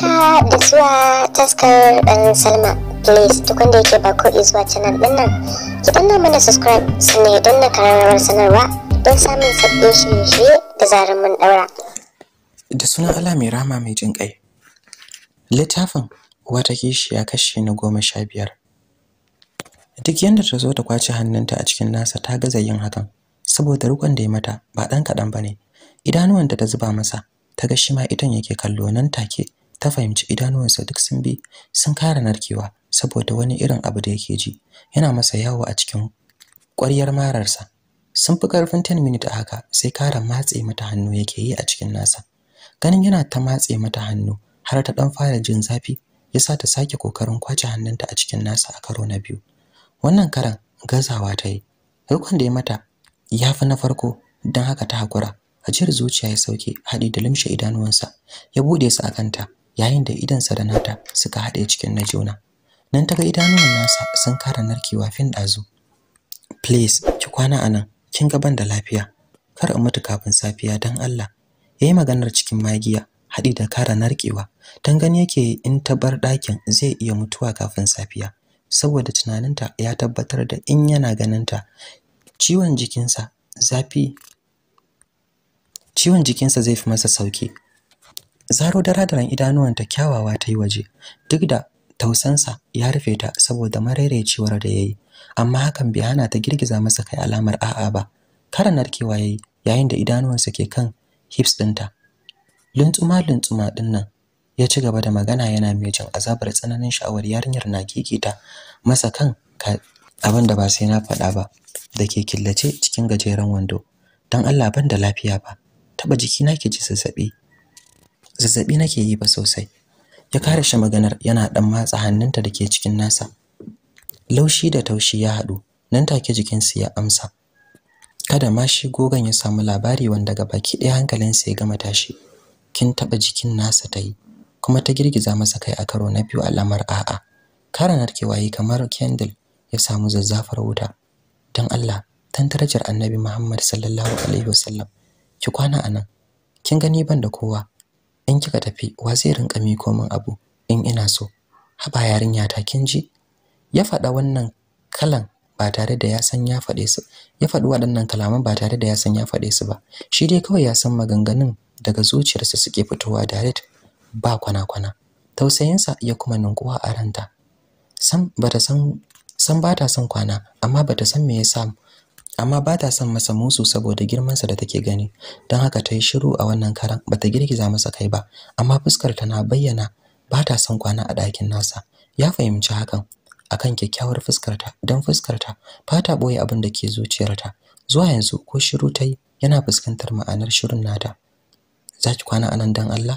haka da zuwa taskar dan salma please duk wanda yake ba ko zuwa canal din nan ki danna mana subscribe sannan ya danna karamar sanarwa don samun sabbin shirye-shirye da zarar mun daura da sunan Allah mai rama mai jin kai littafin wata kishi ya kashe na goma sha biyar duk yadda ta zo ta kwace hannunta a cikin nasa ta gaza yin hakan saboda rukon da ya mata ba ɗan kaɗan ba ne idanuwanta ta zuba masa ta ga shi ma idan yake kallo nan take ta fahimci idanuwansa duk sun bi sun kara narkewa saboda wani irin abu da yake ji yana masa yawo a cikin ƙwaryar mararsa sun fi ƙarfin 10 minutes a haka sai kara matse mata hannu yake yi a cikin nasa ganin yana ta matse mata hannu har ta dan fara jin zafi ya sa ta sake kokarin kwace hannunta a cikin nasa a karo na biyu wannan karan gazawa ta yi rukun da ya mata ya fi na farko don haka ta hakura ajiyar zuciya ya sauke haɗi da limshe idanuwansa ya buɗe su a kanta yayin da idansa da nata suka haɗe cikin na juna nan ta ga idanuwan nasa sun kara narkewa fin ɗazu please ki kwana anan kin ga ban da lafiya kar in mutu kafin safiya don Allah yayi maganar cikin magiya haɗi da kara narkewa dan gani yake in ta bar ɗakin zai iya mutuwa kafin safiya saboda tunaninta ya tabbatar da in yana ganinta ciwon jikinsa zafi ciwon jikinsa zai fi masa sauki zaro daradaran idanuwanta kyawawa ta yi waje duk da tausansa ya rufe ta saboda mararecewar da ya yi amma hakan bai hana ta girgiza masa kai alamar a'a ba karan narkewa ya yi yayin da idanuwansa ke kan hips ɗinta luntsuma luntsuma ɗin nan ya ci gaba da magana yana mai jin azabar tsananin sha'awar yarinyar na kikita masa kan abin da ba sai na faɗa ba da ke killace cikin gajeren wando don Allah ban da lafiya ba taba jiki na ke ji zazzaɓi zazzabi nake yi ba sosai ya kare shi maganar yana dan matsa hannunta da ke cikin nasa laushi da taushi ya haɗu nan take jikinsu ya amsa kada ma shi gogon ya samu labari wanda ga baki ɗaya hankalinsa ya gama tashi kin taɓa jikin nasa ta kuma ta girgiza masa kai a karo na biyu alamar a'a kara narkewa yi kamar candle ya samu zazzafar wuta don Allah tan annabi Muhammad sallallahu alaihi wasallam ki kwana anan kin gani ban da kowa in kika tafi wa zai rinka miko min abu in ina so haba yarinya ta kinji ya faɗa wannan kalan ba tare da ya san ya faɗe su ya faɗi waɗannan kalaman ba tare da ya san ya faɗe su ba shi dai kawai ya san maganganun daga zuciyarsa suke fitowa direct ba kwana-kwana tausayinsa ya kuma ninkuwa a ranta sam bata san san bata son kwana amma bata san me yasa amma ba ta son masa musu saboda girmansa da take gani don haka ta yi shiru a wannan karan ba ta girgiza masa kai ba amma fuskar ta na bayyana ba ta son kwana a ɗakin nasa ya fahimci hakan akan kyakkyawar fuskarta don fuskarta ba ta ɓoye abin da ke zuciyarta zuwa yanzu ko shiru ta yi yana fuskantar ma'anar shirin nata za ki kwana anan don Allah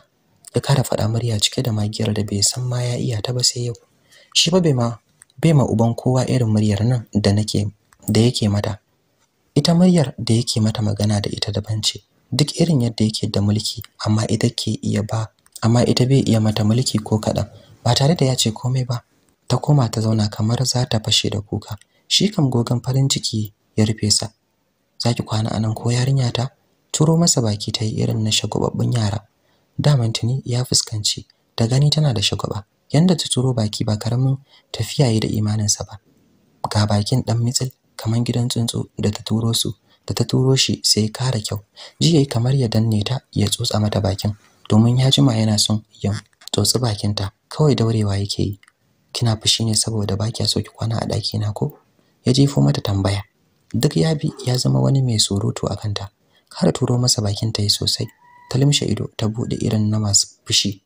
ya kara faɗa murya cike da magiyar da bai san ma ya iya ta ba sai yau shi ba bai ma bai ma uban kowa irin muryar nan da nake da yake mata ita muryar da yake mata magana da ita daban ce duk irin yadda yake da mulki amma ita ke iya ba amma ita bai iya mata mulki ko kaɗan ba tare da ya ce komai ba ta koma ta zauna kamar za ta fashe da kuka shi kam gogon farin ciki ya rufe sa za ki kwana anan ko yarinya ta turo masa baki ta yi irin na shagwababbun yara Da tuni ya fuskanci da gani tana da shagwaba yanda ta turo baki ba karamin tafiya yi da imaninsa ba ga bakin ɗan mitsil kamar gidan tsuntsu da ta turo su da ta turo shi sai kara kyau ji yayi kamar ya danne ta ya tsotsa mata bakin domin ya jima yana son ya tsotsi bakin ta kawai daurewa yake yi kina fushi ne saboda bakiya so ki kwana a daki na ko ya jefo mata tambaya duk ya bi ya zama wani mai surutu a kanta kara turo masa bakin ta yi sosai ta limshe ido ta bude irin na masu fushi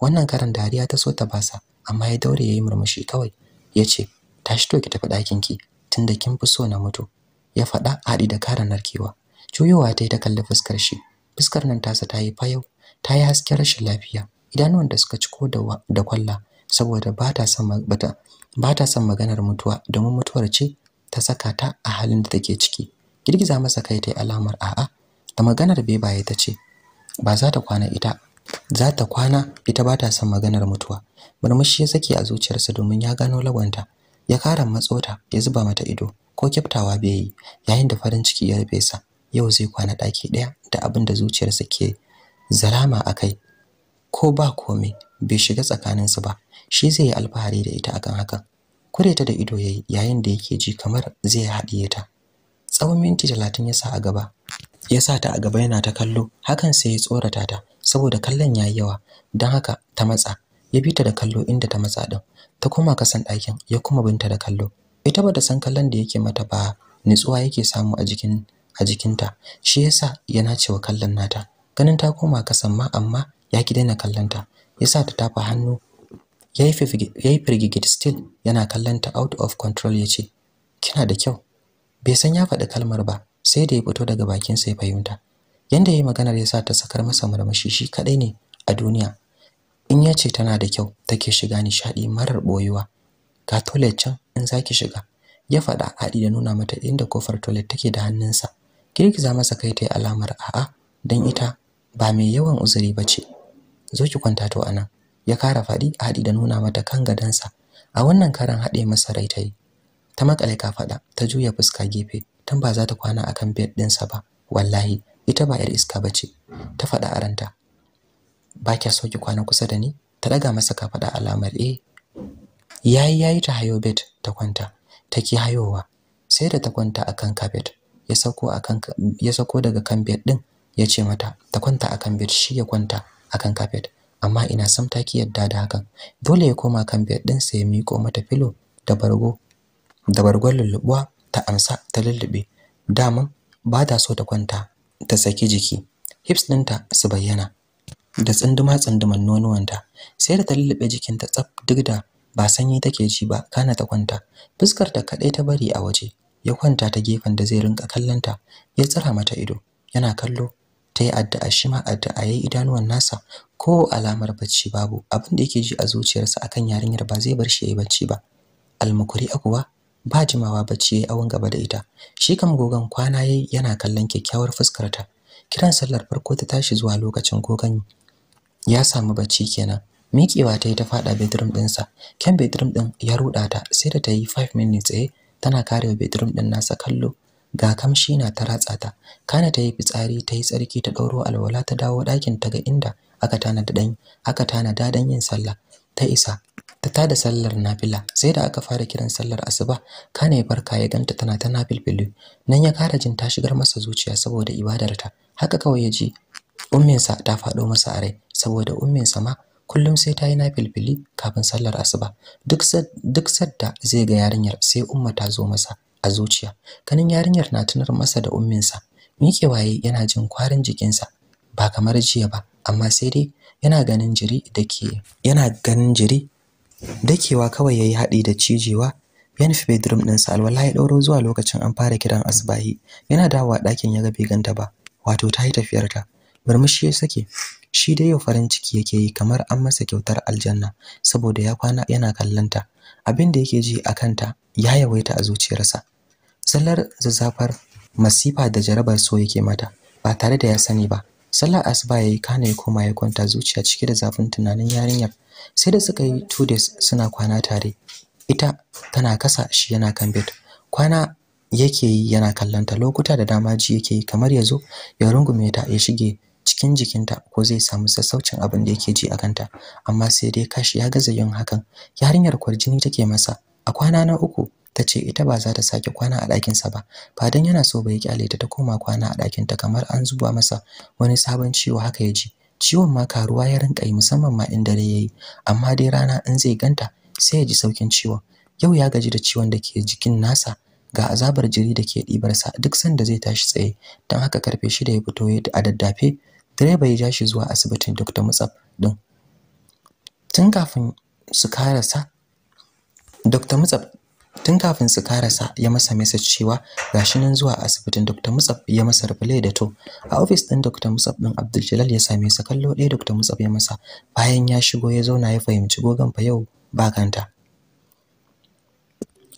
wannan karan dariya ta so ta basa amma ya daure yayi murmushi kawai yace tashi to ki tafi dakin ki tunda kin fi so na mutu ya faɗa haɗi da kara narkewa juyowa ta yi ta kalli fuskar shi fuskar nan tasa ta yi fayau ta yi hasken rashin lafiya idanuwan da suka ciko da kwalla saboda ba ta son bata ba ta son maganar mutuwa domin mutuwar ce ta saka ta a halin da take ciki girgiza masa kai ta yi alamar a'a da maganar bebaye ta ce ba za ta kwana ita za ta kwana ita ba ta son maganar mutuwa murmushi ya saki a zuciyarsa domin ya gano lawanta ya kara matsota ya zuba mata ido ko kyaftawa bai yi yayin da farin ciki ya rufe sa yau zai kwana daki ɗaya da abin da zuciyarsa ke zarama a kai ko ba komai bai shiga tsakanin su ba shi zai yi alfahari da ita akan hakan ta da ido yayi yayin da yake ji kamar zai haɗiye ta tsawon minti talatin ya sa a gaba ya sa ta a gaba yana ta kallo hakan sai ya tsorata ta saboda kallon yayi yawa don haka ta matsa ya bi ta da kallo inda ta matsa din ta koma kasan ɗakin ya kuma binta da kallo ita ba ta san kallon da yake mata ba nutsuwa yake samu a jikin a jikinta shi yasa yana cewa kallon nata ganin ta koma kasan ma amma ya ki daina kallonta yasa ta tafa hannu yayi yayi firgigit still yana kallonta out of control yace kina da kyau bai san ya faɗi kalmar ba sai da ya fito daga bakin sa ya fahimta yanda yayi maganar yasa ta sakar masa murmushi shi kadai ne a duniya in ya ce tana da kyau take shiga nishaɗi marar ɓoyewa ga toilet can in zaki shiga ya faɗa haɗi da nuna mata inda kofar toilet take da hannunsa girgiza masa kai ta yi alamar a'a dan ita ba mai yawan uzuri bace zo ki kwanta to anan ya kara faɗi haɗi da nuna mata kan gadansa a wannan karan haɗe masa rai ta ta makale ka faɗa ta juya fuska gefe tan ba za ta kwana akan bed ɗinsa ba wallahi ita ba 'yar iska bace ta faɗa aranta ba kya so ki kwana kusa da ni ta daga masa kafaɗa alamar eh yayi yayi ta hayo bed ta kwanta take hayowa sai da ta kwanta akan carpet ya sako akan ya sako daga kan bed din ya ce mata ta kwanta akan bed shi ya kwanta akan carpet amma ina san ta ki yadda da hakan dole ya koma kan bed din sai ya miko mata pillow da bargo da bargon lullubuwa ta amsa ta lullube dama ba ta so ta kwanta ta saki jiki hips ɗinta su bayyana da tsunduma tsunduman nonuwanta sai da ta lullube jikinta tsaf duk da ba sanyi take ji ba kana ta kwanta fuskar ta kadai ta bari a waje ya kwanta ta gefen da zai rinka kallanta ya tsara mata ido yana kallo ta yi addu'a shi ma addu'a yayi idanuwan nasa ko alamar bacci babu abin da yake ji a zuciyarsa akan yarinyar ba zai bar shi yayi bacci ba almukuri akuwa ba jimawa bacci yayi awon gaba da ita shi kam gogan kwana yayi yana kallon kyakkyawar fuskar ta kiran sallar farko ta tashi zuwa lokacin gogan ya samu bacci kenan Mikewa ta yi ta faɗa bedroom ɗinsa kyan bedroom ɗin ya ruɗa ta sai da ta yi 5 minutes tsaye eh, tana kare bedroom ɗin nasa kallo ga kamshi na ta ratsa ta kana ta yi fitsari ta yi tsarki ta ɗauro alwala ta dawo ɗakin ta ga inda aka tanada dan aka tanada dan yin sallah ta isa ta tada sallar nafila sai da aka fara kiran sallar asuba kana ya farka ya ganta tana ta nafilfili. nan ya kara jin ta shigar masa zuciya saboda ibadarta haka kawai ya ji umminsa ta faɗo masa a rai saboda ummin sama kullum sai ta yi na filfili kafin sallar asuba duk sadda zai ga yarinyar sai umma ta zo masa a zuciya kanin yarinyar na tunar masa da umminsa mike waye yana jin kwarin jikinsa ba kamar jiya ba amma sai dai yana ganin jiri dake yana ganin jiri dakewa kawai yayi haɗi da cijewa ya nufi bedroom ɗinsa alwala ya ɗauro zuwa lokacin an fara kiran asbahi yana dawowa ɗakin ya ga bai ganta ba wato ta yi tafiyarta murmushi ya sake shi dai yau farin ciki yake yi kamar an masa kyautar aljanna saboda ya kwana yana kallanta abin da yake ji a kanta ya yawaita a zuciyarsa sallar zazzafar masifa da jarabar so yake mata ba tare da ya sani ba sallar asuba yayi kana ya koma ya kwanta zuciya cike da zafin tunanin yarinyar sai da suka yi two days suna kwana tare ita tana kasa shi yana kan bed kwana yake yi yana kallanta lokuta da dama ji yake yi kamar ya zo ya rungume ta ya shige cikin jikinta ko zai samu sassaucin abin da yake ji a kanta amma sai dai kashi ya gaza yin hakan yarinyar kwarjini take masa a kwana na uku ta ce ita ba za ta sake kwana a ɗakinsa ba ba dan yana so bai kyale ta ta koma kwana a ɗakinta kamar an zuba masa wani sabon ciwo haka ya ji ciwon ma karuwa ya rinka yi musamman ma in dare yayi amma dai rana in zai ganta sai ya ji saukin ciwon yau ya gaji da ciwon da ke jikin nasa ga azabar jiri da ke ɗibarsa duk sanda zai tashi tsaye don haka karfe shida ya fito ya a daddafe direba ya ja shi zuwa asibitin Dr. Mutsaf din tun kafin su karasa Dr. Mutsaf tun kafin su karasa ya masa message cewa gashi nan zuwa asibitin Dr. Musab ya masa reply da to a office din Dr. Musab din Abdul Jalal ya same sa kallo ɗaya Dr. Musab ya masa bayan ya shigo ya zauna ya fahimci gogan fa yau ba kanta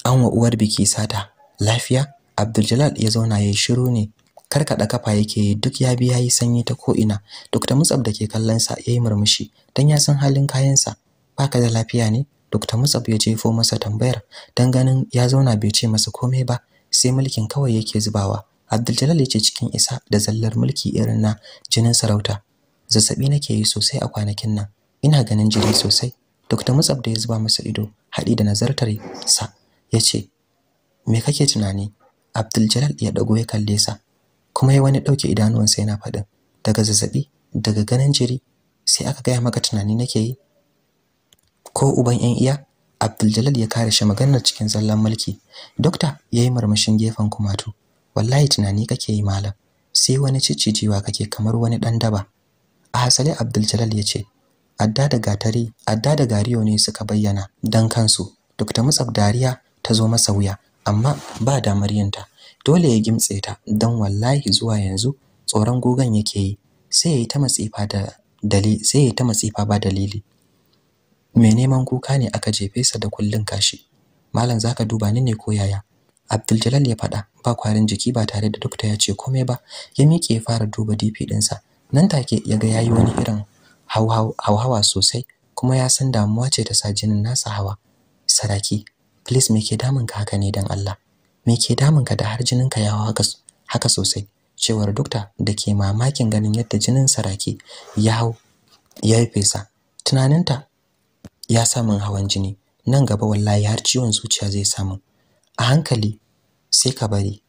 an wa uwar biki sata lafiya Abdul Jalal ya zauna ya shiru ne Kar karkada kafa yake yi duk ya bi yayi sanyi ta ko ina Dr. Mutsab da ke kallon sa yayi murmushi dan ya san halin kayansa, sa baka da lafiya ne Dr. Mutsab ya jefo masa tambayar dan ganin ya zauna bai ce masa komai ba sai mulkin kawai yake zubawa Abdul ya ce cikin isa da zallar mulki irin na jinin sarauta zazzabi nake yi sosai a kwanakin nan ina ganin jiri sosai Dokta Mutsab da ya zuba masa ido haɗi da nazartar sa ya ce me kake tunani Abdul ya dago ya kalle sa kuma ya wani ɗauke sai yana faɗin daga zazzaɓi daga ganin jiri sai aka gaya maka tunani nake yi ko uban yan iya abdul ya kare shi maganar cikin zallan mulki dokta yayi yi marmashin gefen kumatu wallahi tunani kake yi malam sai wani ciccijewa kake kamar wani ɗan daba a hasale abdul ya ce adda da gatari adda da gariyo ne suka bayyana dan kansu Dr. Musab dariya ta zo masa wuya amma ba damar yinta dole ya gimtse ta don wallahi zuwa yanzu tsoron gogon yake yi sai ya yi ta matsifa da sai ya yi ta matsifa ba dalili mai neman kuka ne aka jefe sa da kullun kashi malam zaka duba ni ne ko yaya Abdul ya faɗa ba kwarin jiki ba tare da dokta ya ce komai ba ya miƙe ya fara duba DP ɗinsa nan take ya ga yayi wani irin hauhawa sosai kuma ya san damuwa ce ta sa jinin nasa hawa saraki please me ke damun ka haka ne dan Allah me ke damun ka da har ka yawo haka haka sosai cewar dokta da ke mamakin ganin yadda jinin sarake ya hau ya yi fesa tunaninta ya samun hawan jini nan gaba wallahi har ciwon zuciya zai samu a hankali sai ka bari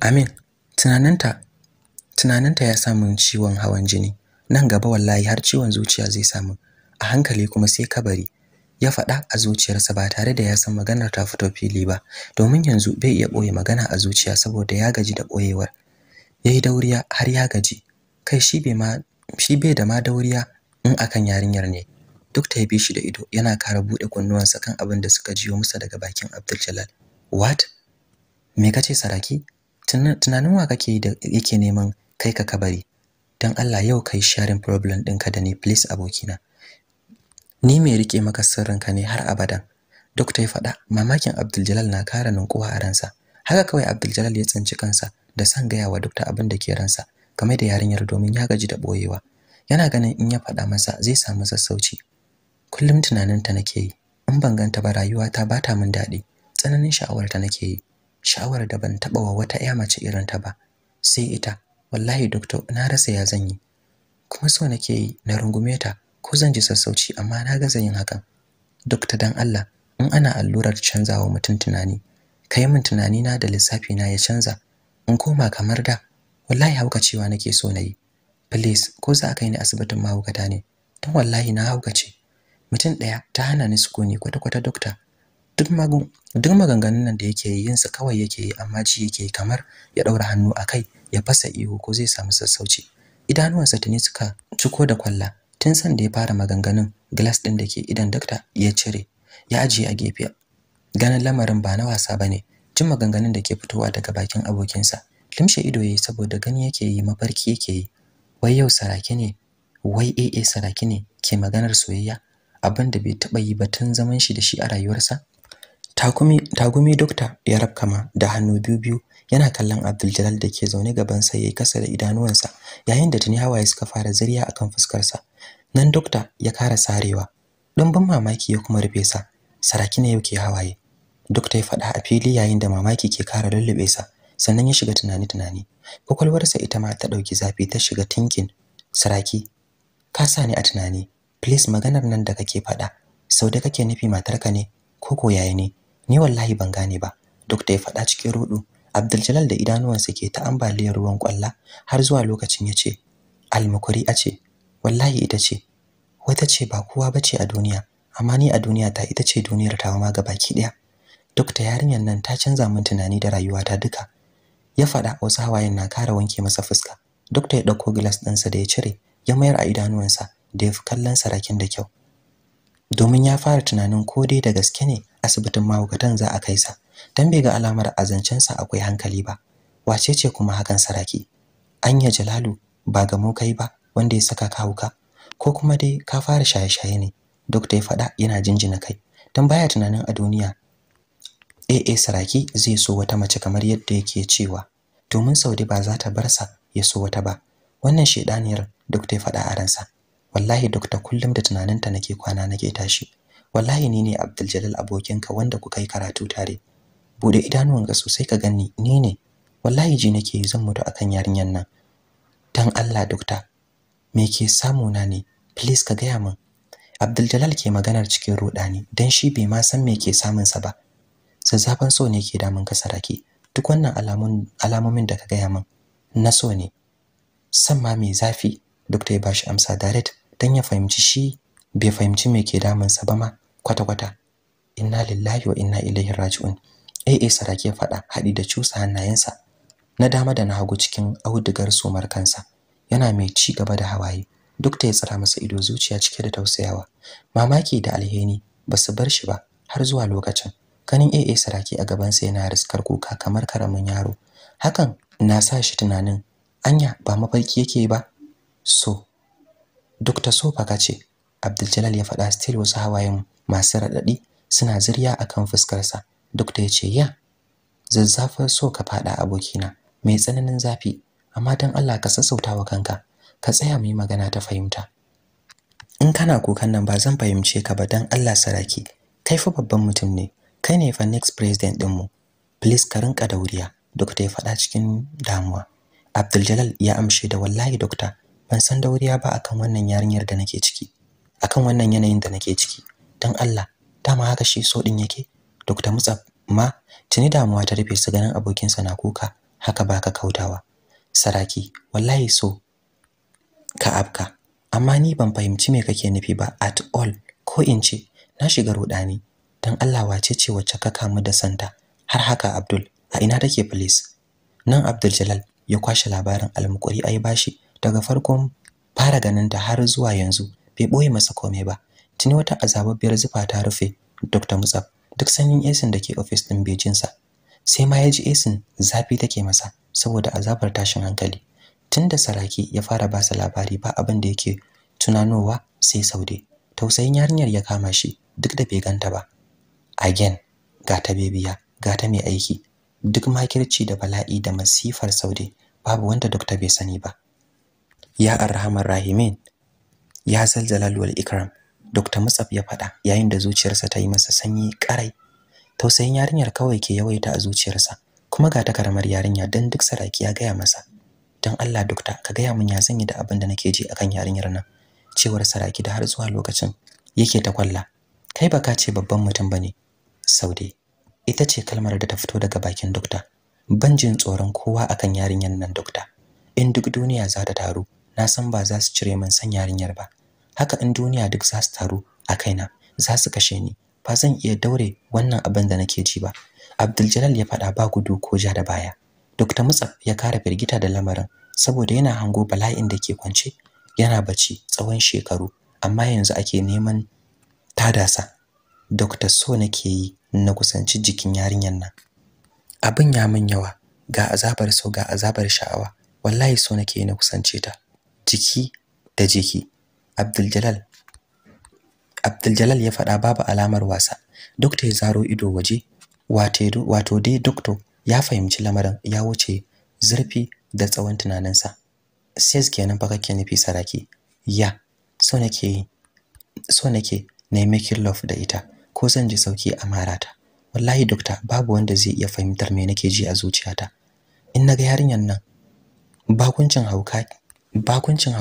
amin tunaninta tunaninta ya samun ciwon hawan jini nan gaba wallahi har ciwon zuciya zai samu a hankali kuma sai ka bari ya faɗa a zuciyarsa ba tare da ya san maganar ta fito fili ba domin yanzu bai iya ɓoye magana a zuciya saboda ya gaji da ɓoyewar yayi dauriya har ya gaji kai shi bai ma shi bai da ma dauriya in akan yarinyar ne duk ta bi shi da ido yana kara buɗe kunnuwansa kan abin da suka jiyo musa daga bakin Abdul Jalal what me kace saraki tunanin wa kake da yake neman kai ka kabari dan Allah yau kai sharing problem ɗinka da ni please abokina ni mai rike maka sirrin ka ne har abada dokta ya faɗa mamakin Abdul na kara ninkuwa a ransa haka kawai Abdul ya tsinci kansa da san gaya wa dokta abin da ke ransa game da yarinyar domin ya gaji da boyewa yana ganin in ya faɗa masa zai samu sassauci kullum tunaninta nake yi in ban ganta ba rayuwata ba ta min daɗi tsananin sha'awarta nake yi sha'awar da ban taɓa wa wata ƴa mace irin ta ba sai ita wallahi doctor na rasa ya zan yi kuma so nake yi na rungume ta ko zan ji sassauci amma na gaza yin hakan dokta dan Allah in ana allurar canzawa mutum tunani kai min tunani na da lissafi na ya canza in koma kamar da wallahi haukacewa nake so na yi please ko za ka yi ni asibitin mahaukata ne Tun wallahi na haukace mutum ɗaya ta hana ni sukuni kwata-kwata dokta duk maganganun nan da yake yi yinsa kawai yake yi amma ji yake kamar ya ɗaura hannu a kai ya fasa ihu ko zai samu sassauci idanuwansa tuni suka ciko da kwalla tun san da ya fara maganganun glass ɗin da ke idan dakta ya cire ya ajiye a gefe ganin lamarin ba na wasa bane jin maganganun da ke fitowa daga bakin abokinsa limshe ido yayi saboda gani yake yi mafarki yake yi wai yau sarake ne wai AA sarake ne ke maganar soyayya abin da bai taba yi ba tun zaman shi da shi a rayuwarsa takumi tagumi dokta ya rabkama da hannu biyu biyu yana kallon Abdul da ke zaune gaban sa yayi kasa da idanuwansa yayin da tuni hawaye suka fara zuriya akan fuskar sa nan dokta ya kara sarewa ɗumbin mamaki ya kuma rufe sa saraki ne yauke hawaye dokta ya faɗa a fili yayin da mamaki ke kara lullube sa sannan ya shiga tunani tunani sa ita ma ta ɗauki zafi ta shiga tinkin saraki ka sa ni a tunani please maganar nan da kake faɗa sau da kake nufi matarka ne ko ko yaya ne ni wallahi ban gane ba dokta ya faɗa cikin rudu Abdul da idanuwansa ke ta ambaliyar ruwan kwalla har zuwa lokacin ya ce almukuri a ce wallahi ita ce wata ce ba kowa bace a duniya amma ni a duniya ta ita ce duniyar ta ma baki daya dokta yarinyar nan ta canza min tunani da rayuwata duka ya faɗa wasu hawayen na kara wanke masa fuska dokta ya ɗauko glass ɗinsa da ya cire ya mayar a idanuwansa da ya fi kallon sarakin da kyau domin ya fara tunanin ko dai da gaske ne asibitin mahaukatan za a kai sa dan bai ga alamar azancensa akwai hankali ba wace ce kuma hakan saraki anya jalalu ba ga mu kai ba wanda ya saka ka wuka ko kuma dai ka fara shaye-shaye ne doctor ya faɗa yana jinjina kai dan baya tunanin a duniya AA Saraki zai so wata mace kamar yadda yake cewa domin Saudi ba za ta bar sa ya so wata ba wannan shedaniyar doctor ya faɗa a ransa wallahi doctor kullum da tunaninta nake kwana nake tashi wallahi ni ne Abdul abokinka wanda kuka yi karatu tare bude idanunka sosai ka gani ni ne wallahi ji nake zan mutu akan yarinyar nan dan Allah doctor me ke samu na, ne please ka gaya min Abdul ke maganar cikin rudani dan shi bai ma san me ke samun sa ba zafin so ne ke damun ka sarake duk wannan alamun alamomin da ka gaya min na so ne san ma mai zafi Dr. ya bashi amsa direct dan ya fahimci shi bai fahimci me ke damunsa ba ma kwata kwata inna lillahi wa inna ilaihi raji'un ai eh, ai eh, sarake ya fada hadi da cusa hannayensa na dama da na hagu cikin audugar sumar kansa yana mai ci gaba da hawaye duk da ya tsira masa ido zuciya cike da tausayawa mamaki da alheri ba su bar shi ba har zuwa lokacin ganin AA saraki a gabansa yana riskar kuka kamar karamin yaro hakan na sa shi tunanin anya ba mafarki yake ba so Duk so Sofaka ce Abdul ya faɗa still wasu hawayen masu raɗaɗi suna zirya akan fuskarsa duk ya ce ya zazzafar so ka faɗa abokina mai tsananin zafi amma dan Allah ka sassauta wa kanka ka tsaya mu yi magana ta fahimta in kana kukan nan ba zan fahimce ka ba dan Allah saraki kai fa babban mutum ne kai ne fa next president din mu please ka rinka da wuriya doctor ya faɗa cikin damuwa Abdul Jalal ya amshe da wallahi doctor ban san dauriya ba akan wannan yarinyar da nake ciki akan wannan yanayin da nake ciki dan Allah dama haka shi so din yake doctor Mutsaf ma tuni damuwa ta rufe su ganin abokinsa na kuka haka baka kautawa saraki wallahi so ka afka amma ni ban fahimci me kake nufi ba at all ko in ce na shiga rudani dan Allah wace ce wacce ka kamu da santa har haka Abdul a ina take please nan Abdul Jalal ya kwashe labarin almukuri ai bashi daga farkon fara ganin ta har zuwa yanzu bai boye masa komai ba tuni wata biyar zufa ta rufe Dr. Musab duk sanyin esin da ke office din Bejinsa. sa sai ma ya ji esin zafi take masa saboda azabar tashin hankali tunda saraki ya fara ba su labari ba abin da yake tunanowa sai saude tausayin yarinyar ya kama shi duk da bai ganta ba again ga ta bebiya ga ta mai aiki duk makirci da bala'i da masifar saude babu wanda dokta bai sani ba ya arhamar rahimin ya zalzala luwal ikram dokta musab ya faɗa yayin da zuciyarsa ta yi masa sanyi ƙarai tausayin yarinyar kawai ke yawaita a zuciyarsa kuma ga ta yarinya dan duk saraki ya gaya masa dan Allah Dukta, ka gaya mun ya yi da abin da nake ji akan yarinyar nan cewar saraki da har zuwa lokacin yake ta kwalla kai baka ce babban mutum bane saude ita ce kalmar da ta fito daga bakin dokta ban jin tsoron kowa akan yarinyar nan dokta in duk duniya za ta taru na san ba za su cire min san yarinyar ba haka in duniya duk za su taru a kaina za su kashe ni ba zan iya daure wannan abin da nake ji ba Abdul ya faɗa ba gudu ko ja da baya. Dr. Mutsaf ya kare firgita da lamarin saboda yana hango bala'in da ke kwance yana bacci tsawon shekaru amma yanzu ake neman tadasa. Dr. So nake yi na kusanci jikin yarinyar nan. Abin ya mun yawa ga azabar so ga azabar sha'awa wallahi so nake yi na kusance ta jiki da jiki Abdul Abdul Jalal ya faɗa babu alamar wasa. Dokta ya zaro ido waje wato dai doctor ya fahimci lamarin ya wuce zurfi da tsawon tunaninsa sai kenan fa kake nufi saraki ya so nake so na yi making love da ita ko zan ji sauki a marata wallahi doctor babu wanda zai iya fahimtar me nake ji a zuciyata in naga yarinyar nan bakuncin hauka bakuncin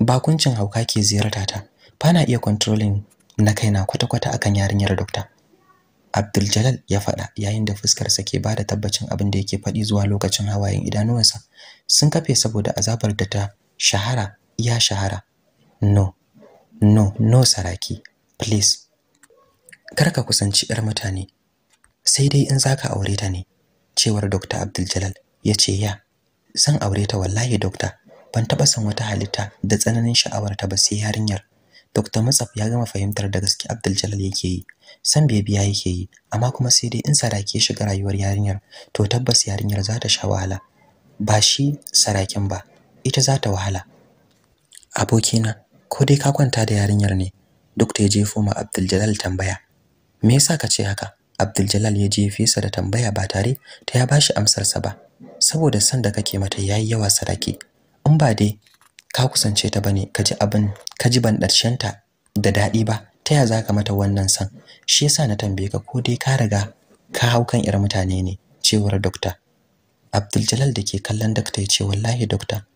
bakuncin hauka ke ziyarta ta bana iya controlling na kaina kwata-kwata akan yarinyar doctor Abdul ya faɗa yayin da fuskarsa ke bada tabbacin abin da yake faɗi zuwa lokacin hawayen idanuwansa sun kafe saboda azabar da ta shahara ya shahara. No, no, no saraki, please. Kar ka kusanci 'yar mutane, sai dai in zaka aure ta ne, cewar Dr. Abdul ya ce ya. San aure ta wallahi Dokta. ban taɓa san wata halitta da tsananin sha'awar ta ba sai yarinyar Dr. Mutsaf ya gama fahimtar da gaske Abdul Jalal yake yi. San biya yake yi, amma kuma sai dai in sarake shiga rayuwar yarinyar, to tabbas yarinyar za ta sha wahala. Ba shi saraken ba, ita za ta wahala. Abokina, ko dai ka kwanta da yarinyar ne? ta ya jefo ma Abdul tambaya. Me yasa ka ce haka? Abdul Jalal ya jefe sa da tambaya ba tare ta ya bashi amsarsa ba. Saboda san da kake mata yayi yawa sarake. In ba dai ka kusance ta bane kaji abin kaji ban darshen ta da dadi ba ta ya zaka mata wannan san shi yasa na tambaye ka ko dai ka riga ka hau kan yar mutane ne cewar dokta Abdul Jalal da ke kallon doctor ya wallahi dokta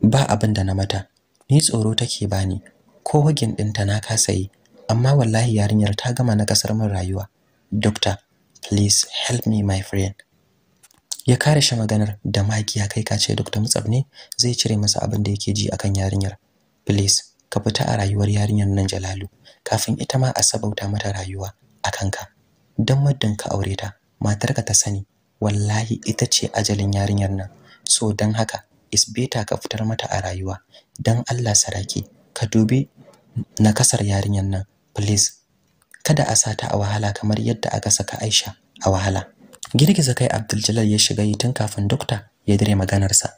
ba abin da na mata ni tsoro take bani ko din ɗinta na kasa yi amma wallahi yarinyar ta gama na kasar min rayuwa doctor please help me my friend ya kare shi maganar da maki ya kai kace Dr. Mutsab ne zai cire masa abin da yake ji akan yarinyar please ka fita a rayuwar yarinyar nan Jalalu kafin ita ma a sabauta mata rayuwa a kanka. dan muddin ka aure ta matarka ta sani wallahi ita ce ajalin yarinyar nan so dan haka is beta ka fitar mata a rayuwa dan Allah saraki ka dubi kasar yarinyar nan please kada a sata a wahala kamar yadda aka saka Aisha a wahala girgiza kai Abdul ya shiga yi tun kafin dokta ya dire maganarsa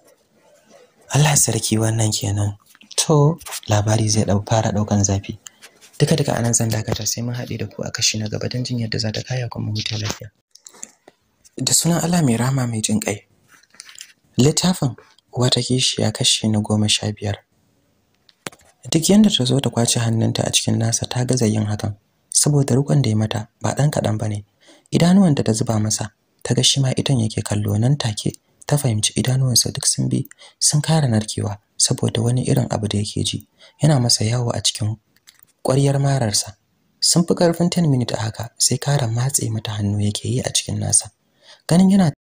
Allah sarki wannan kenan to labari zai dau fara daukan zafi duka duka anan zan dakatar sai mun haɗe da ku a kashi na gaba don jin yadda za ta kaya kuma huta lafiya da sunan Allah mai rahama mai jin kai littafin wata kishiya kashi na goma sha biyar duk yadda ta zo ta kwace hannunta a cikin nasa ta gaza yin hakan saboda rukon da ya mata ba ɗan kaɗan ba ne idanuwanta ta zuba masa ta ga shi ma idan yake kallo nan take ta fahimci idanuwansa duk sun bi sun kara narkewa saboda wani irin abu da yake ji yana masa yawo a cikin ƙwaryar mararsa sun fi ƙarfin 10 minute a haka sai kara matse mata hannu yake yi a cikin nasa ganin yana